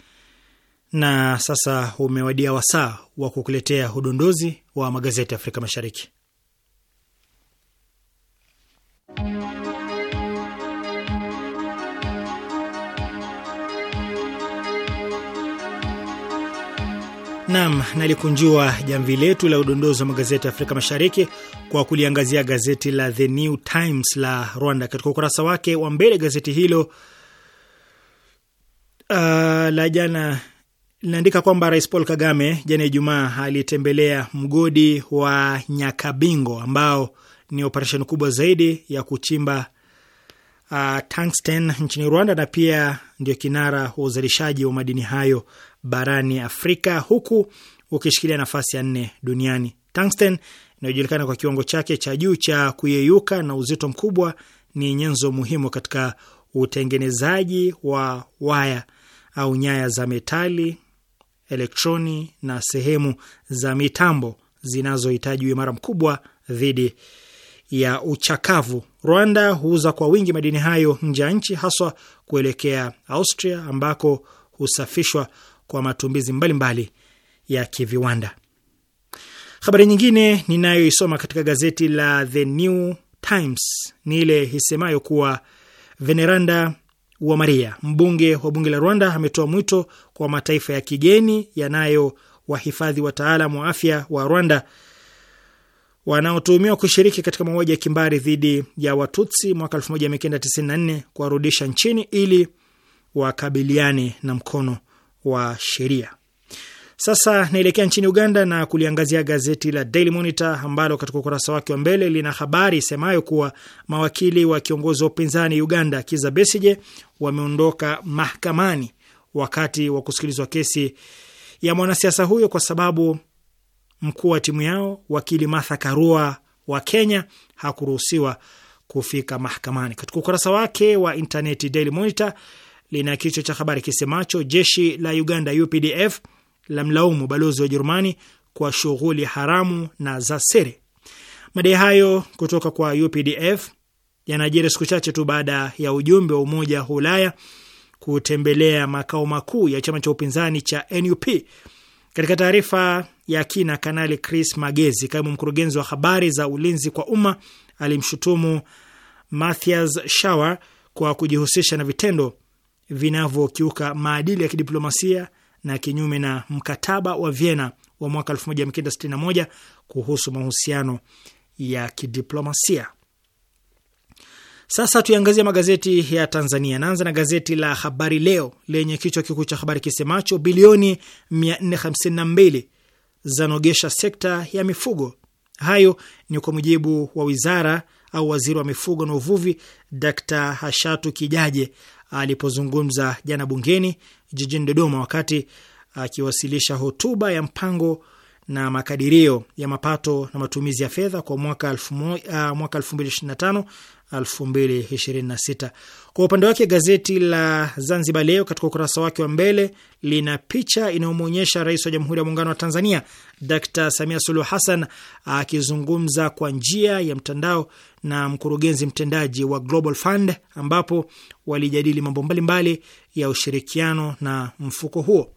na sasa umewadia wasaa wa kukuletea udondozi wa magazeti ya Afrika Mashariki. Nam nalikunjua jamvi letu la udondozi wa magazeti ya Afrika Mashariki kwa kuliangazia gazeti la The New Times la Rwanda. Katika ukurasa wake wa mbele, gazeti hilo uh, la jana linaandika kwamba Rais Paul Kagame jana Ijumaa alitembelea mgodi wa Nyakabingo ambao ni operesheni kubwa zaidi ya kuchimba uh, tungsten nchini Rwanda na pia ndio kinara wa uzalishaji wa madini hayo barani Afrika, huku ukishikilia nafasi ya nne duniani. Tungsten inayojulikana kwa kiwango chake cha juu cha kuyeyuka na uzito mkubwa ni nyenzo muhimu katika utengenezaji wa waya au nyaya za metali, elektroni na sehemu za mitambo zinazohitaji uimara mkubwa dhidi ya uchakavu. Rwanda huuza kwa wingi madini hayo nje ya nchi, haswa kuelekea Austria ambako husafishwa kwa matumizi mbalimbali ya kiviwanda. Habari nyingine ninayoisoma katika gazeti la The New Times ni ile isemayo kuwa Veneranda wa Maria, mbunge wa bunge la Rwanda, ametoa mwito kwa mataifa ya kigeni yanayo wahifadhi wataalam wa afya wa Rwanda wanaotuhumiwa kushiriki katika mauaji ya kimbari dhidi ya Watutsi mwaka 1994 kuwarudisha nchini ili wakabiliane na mkono wa sheria. Sasa naelekea nchini Uganda na kuliangazia gazeti la Daily Monitor ambalo katika ukurasa wake wa mbele lina habari isemayo kuwa mawakili wa kiongozi wa upinzani Uganda kiza Besije wameondoka mahakamani wakati wa kusikilizwa kesi ya mwanasiasa huyo kwa sababu mkuu wa timu yao wakili Martha Karua wa Kenya hakuruhusiwa kufika mahakamani. Katika ukurasa wake wa intaneti Daily Monitor lina kichwa cha habari kisemacho jeshi la Uganda UPDF la mlaumu balozi wa Ujerumani kwa shughuli haramu na za siri. Madai hayo kutoka kwa UPDF yanajiri siku chache tu baada ya ujumbe wa Umoja wa Ulaya kutembelea makao makuu ya chama cha upinzani cha NUP. Katika taarifa ya kina, Kanali Chris Magezi, kaimu mkurugenzi wa habari za ulinzi kwa umma, alimshutumu Mathias Shauer kwa kujihusisha na vitendo vinavyokiuka maadili ya kidiplomasia na kinyume na mkataba wa Vienna wa mwaka 1961 kuhusu mahusiano ya kidiplomasia. Sasa tuiangazie magazeti ya Tanzania. Naanza na gazeti la Habari Leo lenye kichwa kikuu cha habari kisemacho bilioni 452 zanogesha sekta ya mifugo. Hayo ni kwa mujibu wa wizara au waziri wa mifugo na uvuvi d Hashatu Kijaje alipozungumza jana bungeni jijini Dodoma wakati akiwasilisha hotuba ya mpango na makadirio ya mapato na matumizi ya fedha kwa mwaka 2025 2026. Ah, kwa upande wake gazeti la Zanzibar Leo katika ukurasa wake wa mbele lina picha inayomwonyesha rais wa Jamhuri ya Muungano wa Tanzania d Samia Suluhu Hassan akizungumza kwa njia ya mtandao na mkurugenzi mtendaji wa Global Fund ambapo walijadili mambo mbalimbali ya ushirikiano na mfuko huo.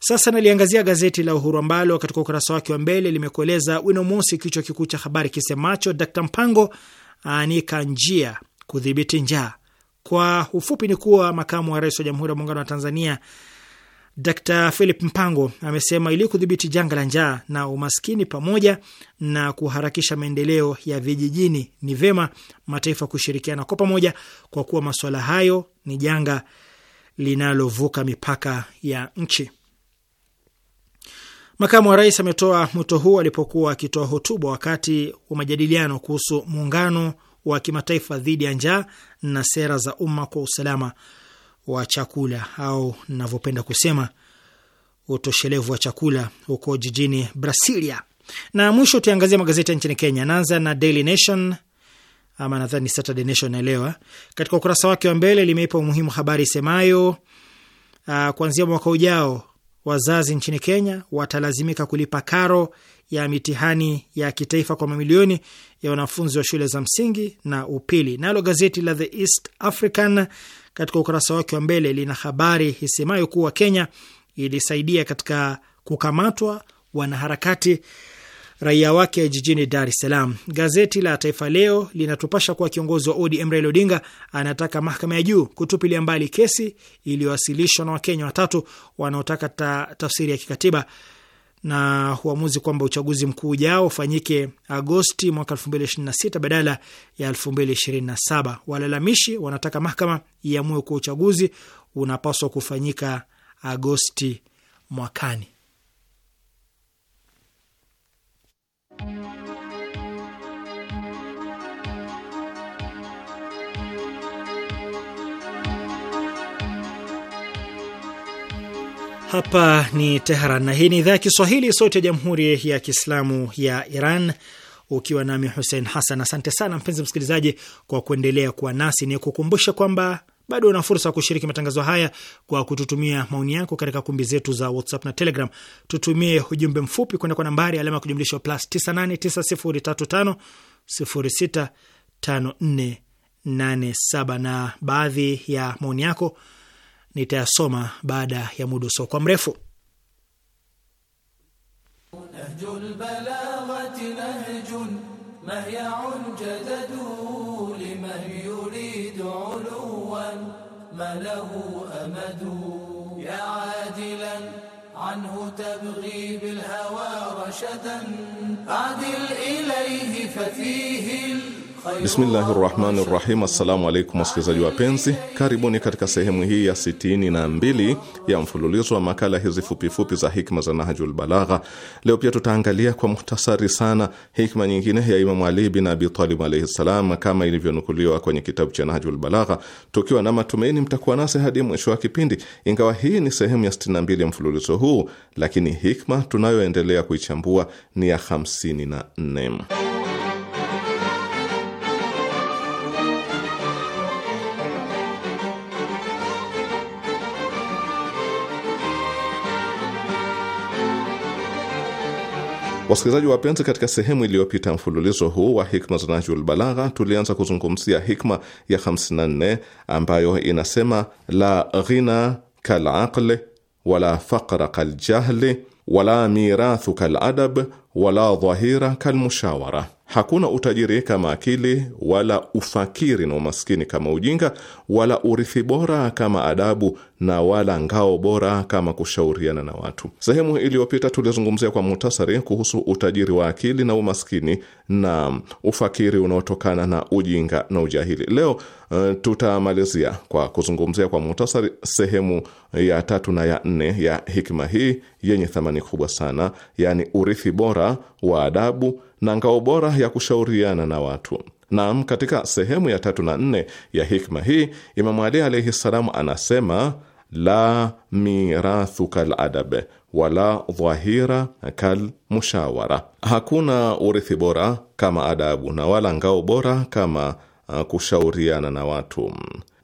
Sasa naliangazia gazeti la Uhuru ambalo katika ukurasa wake wa mbele limekueleza wino mosi, kichwa kikuu cha habari kisemacho d Mpango aanika njia kudhibiti njaa kwa ufupi ni kuwa makamu wa rais wa Jamhuri ya Muungano wa Tanzania Dr Philip Mpango amesema ili kudhibiti janga la njaa na umaskini pamoja na kuharakisha maendeleo ya vijijini ni vyema mataifa kushirikiana kwa pamoja, kwa kuwa masuala hayo ni janga linalovuka mipaka ya nchi. Makamu wa rais ametoa mwito huu alipokuwa akitoa hotuba wakati wa majadiliano kuhusu muungano wa kimataifa dhidi ya njaa na sera za umma kwa usalama wa chakula au navyopenda kusema utoshelevu wa chakula huko jijini Brasilia. Na mwisho tuangazie magazeti ya nchini Kenya. Naanza na Daily Nation ama nadhani Saturday Nation, naelewa. Katika ukurasa wake wa mbele limeipa umuhimu habari isemayo ah, kuanzia mwaka ujao wazazi nchini Kenya watalazimika kulipa karo ya mitihani ya kitaifa kwa mamilioni ya wanafunzi wa shule za msingi na upili. Nalo gazeti la The East African katika ukurasa wake wa mbele lina habari isemayo kuwa Kenya ilisaidia katika kukamatwa wanaharakati raia wake jijini Dar es Salaam. Gazeti la Taifa Leo linatupasha kuwa kiongozi wa ODM Raila Odinga anataka mahakama ya juu kutupilia mbali kesi iliyowasilishwa na Wakenya watatu wanaotaka ta, tafsiri ya kikatiba na uamuzi kwamba uchaguzi mkuu ujao ufanyike Agosti mwaka 2026 badala ya 2027. Walalamishi wanataka mahakama iamue kuwa uchaguzi unapaswa kufanyika Agosti mwakani. Hapa ni Teheran na hii ni idhaa ya Kiswahili, sauti ya jamhuri ya kiislamu ya Iran, ukiwa nami Hussein Hassan. Asante sana mpenzi msikilizaji kwa kuendelea kuwa nasi. Ni kukumbusha kwamba bado una fursa ya kushiriki matangazo haya kwa kututumia maoni yako katika kumbi zetu za WhatsApp na Telegram. Tutumie ujumbe mfupi kwenda kwa nambari alama ya kujumlisha plus 989035065487 na baadhi ya maoni yako nitayasoma baada ya muda usiokuwa mrefu. Adil ilayhi fafihi Bismillahi rahmani rahim. Assalamu alaikum wasikilizaji wapenzi, karibuni katika sehemu hii ya sitini na mbili ya mfululizo wa makala hizi fupifupi za hikma za Nahjul Balagha. Leo pia tutaangalia kwa muhtasari sana hikma nyingine ya Imamu Ali bin Abi Talib alaihi ssalam, kama ilivyonukuliwa kwenye kitabu cha Nahjul Balagha, tukiwa na matumaini mtakuwa nasi hadi mwisho wa kipindi. Ingawa hii ni sehemu ya sitini na mbili ya mfululizo huu, lakini hikma tunayoendelea kuichambua ni ya hamsini na nne. Wasikilizaji wapenzi, katika sehemu iliyopita mfululizo huu wa hikma za Najul Balagha tulianza kuzungumzia hikma ya 54 ambayo inasema: la ghina kalaqli wala faqra kaljahli wala mirathu kaladab wala dhahira kalmushawara Hakuna utajiri kama akili, wala ufakiri na umaskini kama ujinga, wala urithi bora kama adabu, na wala ngao bora kama kushauriana na watu. Sehemu iliyopita tulizungumzia kwa muhtasari kuhusu utajiri wa akili na umaskini na ufakiri unaotokana na ujinga na ujahili. Leo uh, tutamalizia kwa kuzungumzia kwa muhtasari sehemu ya tatu na ya nne ya hikma hii yenye thamani kubwa sana, yaani urithi bora wa adabu na ngao bora ya kushauriana na watu. Naam, katika sehemu ya tatu na nne ya hikma hii Imamu Ali alaihi ssalam anasema la mirathu kal adab wala dhahira kal mushawara, hakuna urithi bora kama adabu na wala ngao bora kama uh, kushauriana na watu.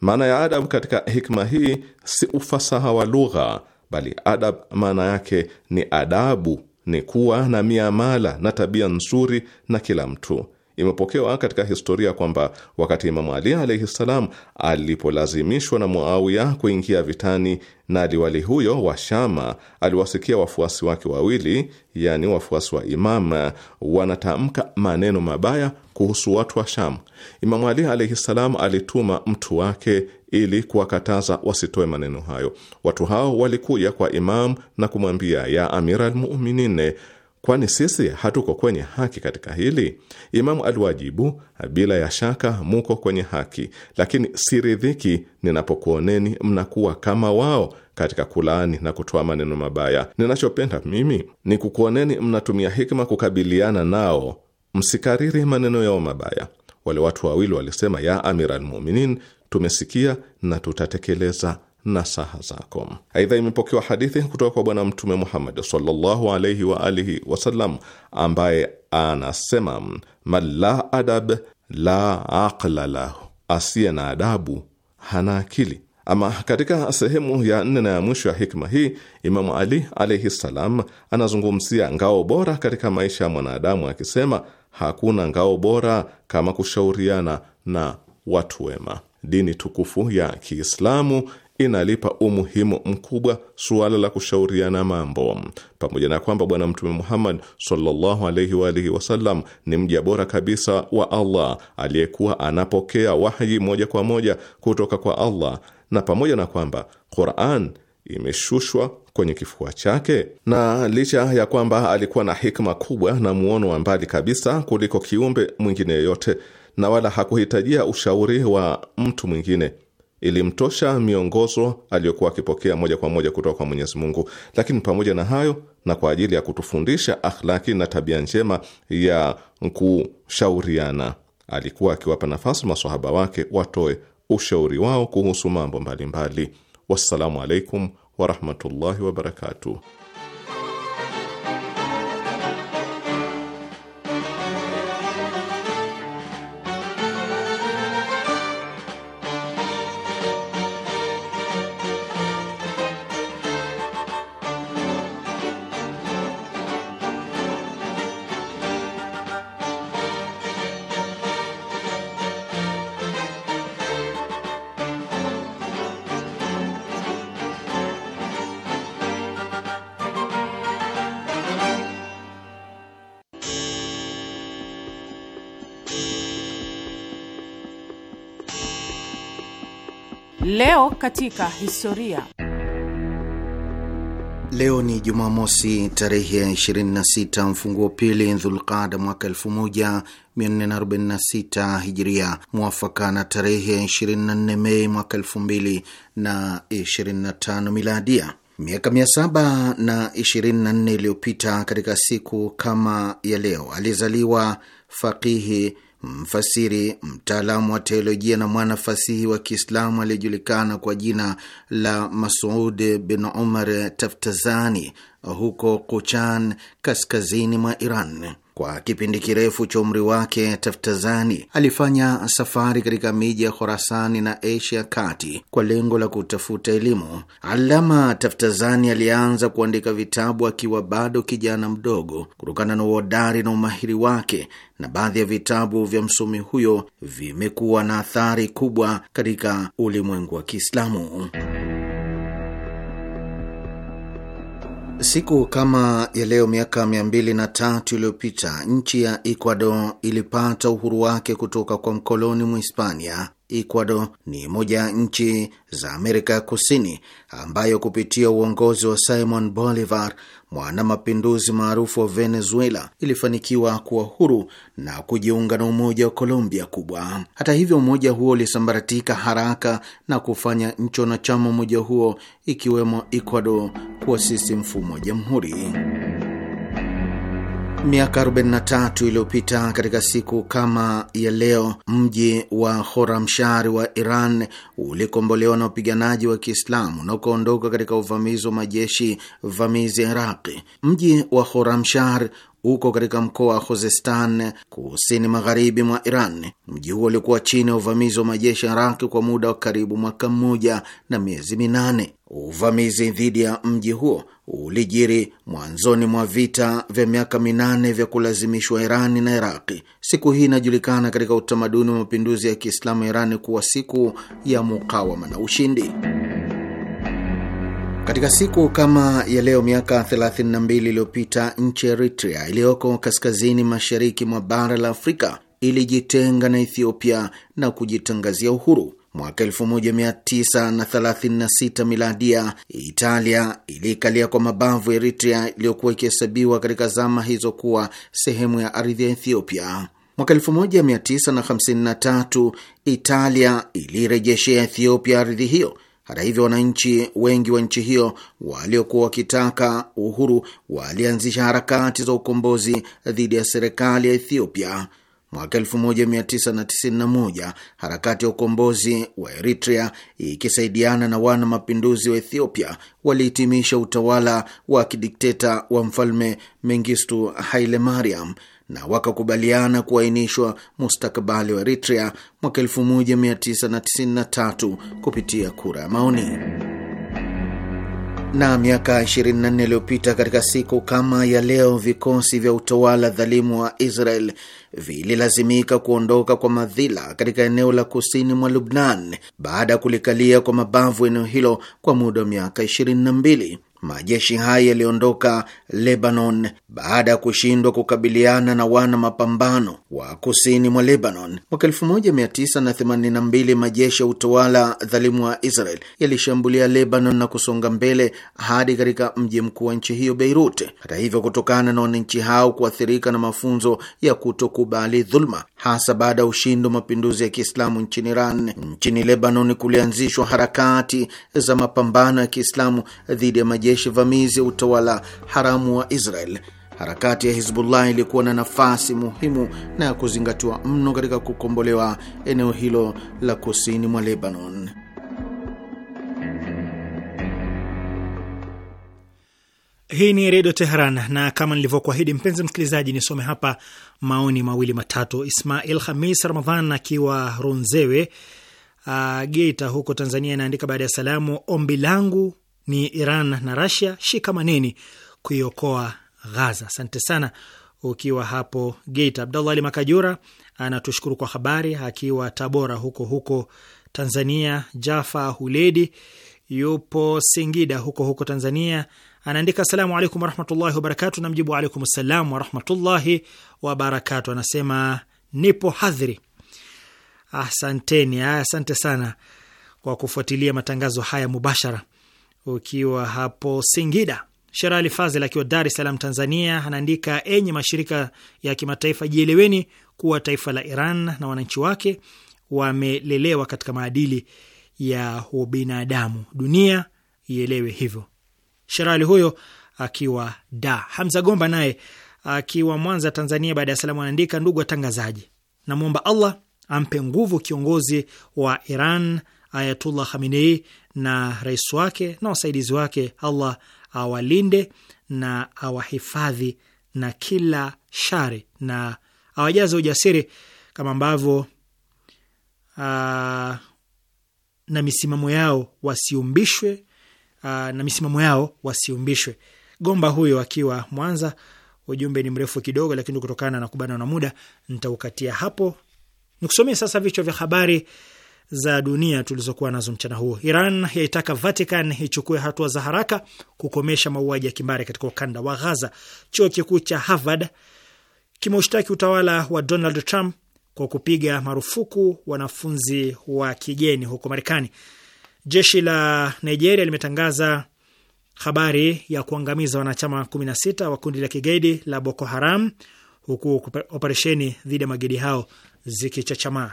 Maana ya adab katika hikma hii si ufasaha wa lugha, bali adab maana yake ni adabu ni kuwa na miamala na tabia nzuri na kila mtu. Imepokewa katika historia kwamba wakati Imamu Ali alaihi ssalam alipolazimishwa na Muawiya kuingia vitani na liwali huyo wa Shama, aliwasikia wafuasi wake wawili, yani wafuasi wa Imam, wanatamka maneno mabaya kuhusu watu wa Sham. Imamu Ali alaihi ssalam alituma mtu wake ili kuwakataza wasitoe maneno hayo. Watu hao walikuja kwa Imamu na kumwambia, ya Amira Almuminine, kwani sisi hatuko kwenye haki katika hili? Imamu aliwajibu, bila ya shaka muko kwenye haki, lakini siridhiki ninapokuoneni mnakuwa kama wao katika kulaani na kutoa maneno mabaya. Ninachopenda mimi ni kukuoneni mnatumia hikma kukabiliana nao, msikariri maneno yao mabaya. Wale watu wawili walisema, ya Amir tumesikia na tutatekeleza nasaha zako. Aidha, imepokewa hadithi kutoka kwa Bwana Mtume Muhammad sallallahu alaihi wa alihi wasallam, ambaye anasema man la adab la aqla lahu, asiye na adabu hana akili. Ama katika sehemu ya nne na ya mwisho ya hikma hii, Imamu Ali alaihi ssalam anazungumzia ngao bora katika maisha ya mwanadamu akisema, hakuna ngao bora kama kushauriana na watu wema dini tukufu ya Kiislamu inalipa umuhimu mkubwa suala la kushauriana mambo, pamoja na kwamba Bwana Mtume Muhammad sallallahu alaihi wa alihi wasallam ni mja bora kabisa wa Allah aliyekuwa anapokea wahyi moja kwa moja kutoka kwa Allah, na pamoja na kwamba Quran imeshushwa kwenye kifua chake, na licha ya kwamba alikuwa na hikma kubwa na muono wa mbali kabisa kuliko kiumbe mwingine yoyote na wala hakuhitajia ushauri wa mtu mwingine. Ilimtosha miongozo aliyokuwa akipokea moja kwa moja kutoka kwa Mwenyezi Mungu. Lakini pamoja na hayo, na kwa ajili ya kutufundisha akhlaki na tabia njema ya kushauriana, alikuwa akiwapa nafasi maswahaba wake watoe ushauri wao kuhusu mambo mbalimbali. Wassalamu alaikum warahmatullahi wabarakatuh. katika historia. Leo ni Jumamosi tarehe ya 26 mfunguo pili Dhulqada mwaka 1446 Hijria, mwafaka na tarehe ya 24 Mei mwaka 2025 Miladia. Miaka 724 iliyopita katika siku kama ya leo alizaliwa faqihi mfasiri, mtaalamu wa teolojia na mwanafasihi wa Kiislamu aliyejulikana kwa jina la Masud bin Umar Taftazani huko Kuchan, kaskazini mwa Iran. Kwa kipindi kirefu cha umri wake, Taftazani alifanya safari katika miji ya Khorasani na Asia kati kwa lengo la kutafuta elimu. Alama Taftazani alianza kuandika vitabu akiwa bado kijana mdogo, kutokana na uhodari na umahiri wake, na baadhi ya vitabu vya msomi huyo vimekuwa na athari kubwa katika ulimwengu wa Kiislamu. Siku kama ya leo miaka mia mbili na tatu iliyopita nchi ya Ecuador ilipata uhuru wake kutoka kwa mkoloni Mhispania. Ecuador ni moja ya nchi za Amerika ya Kusini ambayo kupitia uongozi wa Simon Bolivar mwanamapinduzi maarufu wa Venezuela, ilifanikiwa kuwa huru na kujiunga na umoja wa Colombia kubwa. Hata hivyo, umoja huo ulisambaratika haraka na kufanya nchi wanachama umoja huo ikiwemo Ecuador kuasisi mfumo wa jamhuri. Miaka 43 iliyopita katika siku kama ya leo, mji wa Horamshari wa Iran ulikombolewa na wapiganaji wa Kiislamu na ukaondoka katika uvamizi wa majeshi vamizi ya Iraqi. Mji wa Horamshar uko katika mkoa wa Khuzestan kusini magharibi mwa Iran. Mji huo ulikuwa chini ya uvamizi wa majeshi ya iraqi kwa muda wa karibu mwaka mmoja na miezi minane. Uvamizi dhidi ya mji huo ulijiri mwanzoni mwa vita vya miaka minane vya kulazimishwa Irani na Iraqi. Siku hii inajulikana katika utamaduni wa mapinduzi ya Kiislamu Irani kuwa siku ya mukawama na ushindi. Katika siku kama ya leo miaka 32 iliyopita nchi ya Eritrea iliyoko kaskazini mashariki mwa bara la Afrika ilijitenga na Ethiopia na kujitangazia uhuru. Mwaka 1936 miladia, Italia iliikalia kwa mabavu ya Eritrea iliyokuwa ikihesabiwa katika zama hizo kuwa sehemu ya ardhi ya Ethiopia. Mwaka 1953 Italia ilirejeshea Ethiopia ardhi hiyo hata hivyo, wananchi wengi wa nchi hiyo waliokuwa wakitaka uhuru walianzisha harakati za ukombozi dhidi ya serikali ya Ethiopia. Mwaka 1991 harakati ya ukombozi wa Eritrea ikisaidiana na wana mapinduzi wa Ethiopia walihitimisha utawala wa kidikteta wa mfalme Mengistu Haile Mariam na wakakubaliana kuainishwa mustakabali wa Eritrea mwaka 1993 kupitia kura ya maoni. Na miaka 24 iliyopita katika siku kama ya leo, vikosi vya utawala dhalimu wa Israel vililazimika kuondoka kwa madhila katika eneo la kusini mwa Lubnan baada ya kulikalia kwa mabavu eneo hilo kwa muda wa miaka 22 majeshi haya yaliondoka Lebanon baada ya kushindwa kukabiliana na wana mapambano wa kusini mwa Lebanon. Mwaka 1982 majeshi ya utawala dhalimu wa Israel yalishambulia Lebanon na kusonga mbele hadi katika mji mkuu wa nchi hiyo Beirut. Hata hivyo, kutokana na wananchi hao kuathirika na mafunzo ya kutokubali dhuluma, hasa baada ya ushindi wa mapinduzi ya Kiislamu nchini Iran, nchini Lebanon kulianzishwa harakati za mapambano ya Kiislamu dhidi ya majeshi majeshi vamizi ya utawala haramu wa Israel, harakati ya Hizbullah ilikuwa na nafasi muhimu na ya kuzingatiwa mno katika kukombolewa eneo hilo la kusini mwa Lebanon. Hii ni Redio Teheran, na kama nilivyokuahidi, mpenzi msikilizaji, nisome hapa maoni mawili matatu. Ismail Hamis Ramadhan akiwa Runzewe, uh, Geita huko Tanzania, inaandika baada ya salamu, ombi langu ni Iran na Rasia shika maneni kuiokoa Ghaza. Asante sana ukiwa hapo Geita. Abdallah Ali Makajura anatushukuru kwa habari akiwa Tabora huko huko Tanzania. Jafa Huledi yupo Singida huko huko Tanzania, anaandika asalamu alaikum warahmatullahi wabarakatu, na mjibu alaikum salam warahmatullahi wabarakatu. Anasema nipo hadhiri. Asanteni, asante sana kwa kufuatilia matangazo haya mubashara ukiwa hapo Singida. Sherali Fazil akiwa Dar es Salaam, Tanzania, anaandika enye mashirika ya kimataifa, jieleweni kuwa taifa la Iran na wananchi wake wamelelewa katika maadili ya ubinadamu. Dunia ielewe hivyo. Sherali huyo akiwa Da. Hamza Gomba naye akiwa Mwanza, Tanzania, baada ya salamu anaandika, ndugu watangazaji, namwomba Allah ampe nguvu kiongozi wa Iran Ayatullah Khamenei na rais wake na wasaidizi wake, Allah awalinde na awahifadhi na kila shari na awajaze ujasiri kama ambavyo ah, na misimamo yao wasiumbishwe, ah, na misimamo yao wasiumbishwe. Gomba huyo akiwa Mwanza. Ujumbe ni mrefu kidogo, lakini kutokana na kubana na muda ntaukatia hapo. Nikusomee sasa vichwa vya habari za dunia tulizokuwa nazo mchana huo. Iran yaitaka Vatican ichukue hatua za haraka kukomesha mauaji ya kimbari katika ukanda wa Ghaza. Chuo kikuu cha Harvard kimeushtaki utawala wa Donald Trump kwa kupiga marufuku wanafunzi wa kigeni huko Marekani. Jeshi la Nigeria limetangaza habari ya kuangamiza wanachama 16 wa kundi la kigaidi la Boko Haram, huku operesheni dhidi ya magaidi hao zikichachamaa.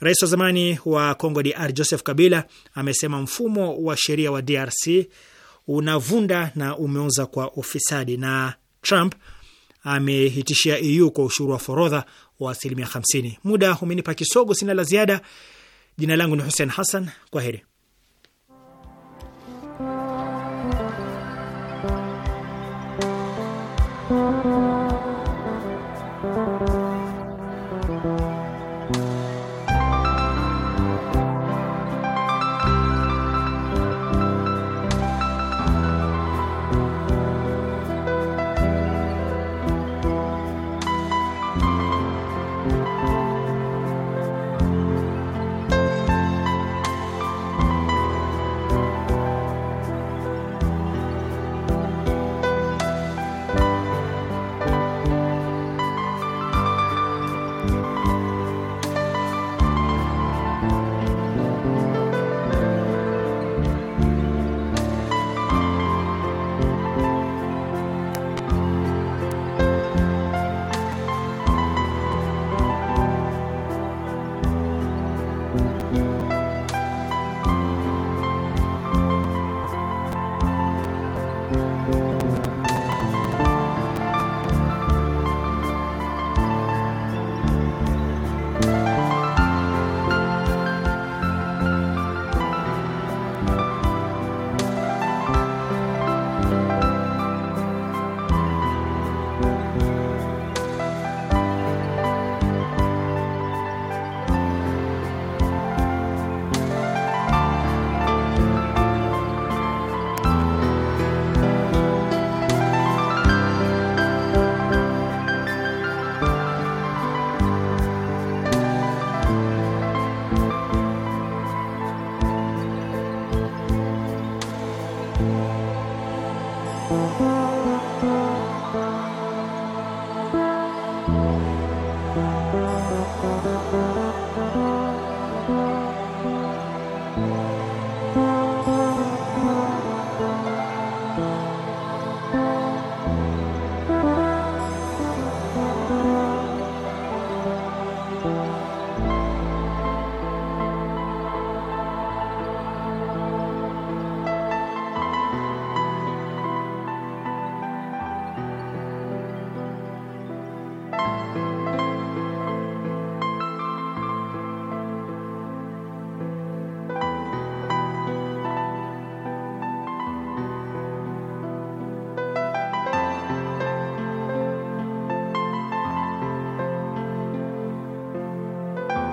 Rais wa zamani wa congo DR Joseph Kabila amesema mfumo wa sheria wa DRC unavunda na umeoza kwa ufisadi, na Trump ameitishia EU kwa ushuru wa forodha wa asilimia 50. Muda umenipa kisogo, sina la ziada. Jina langu ni Hussein Hassan, kwa heri.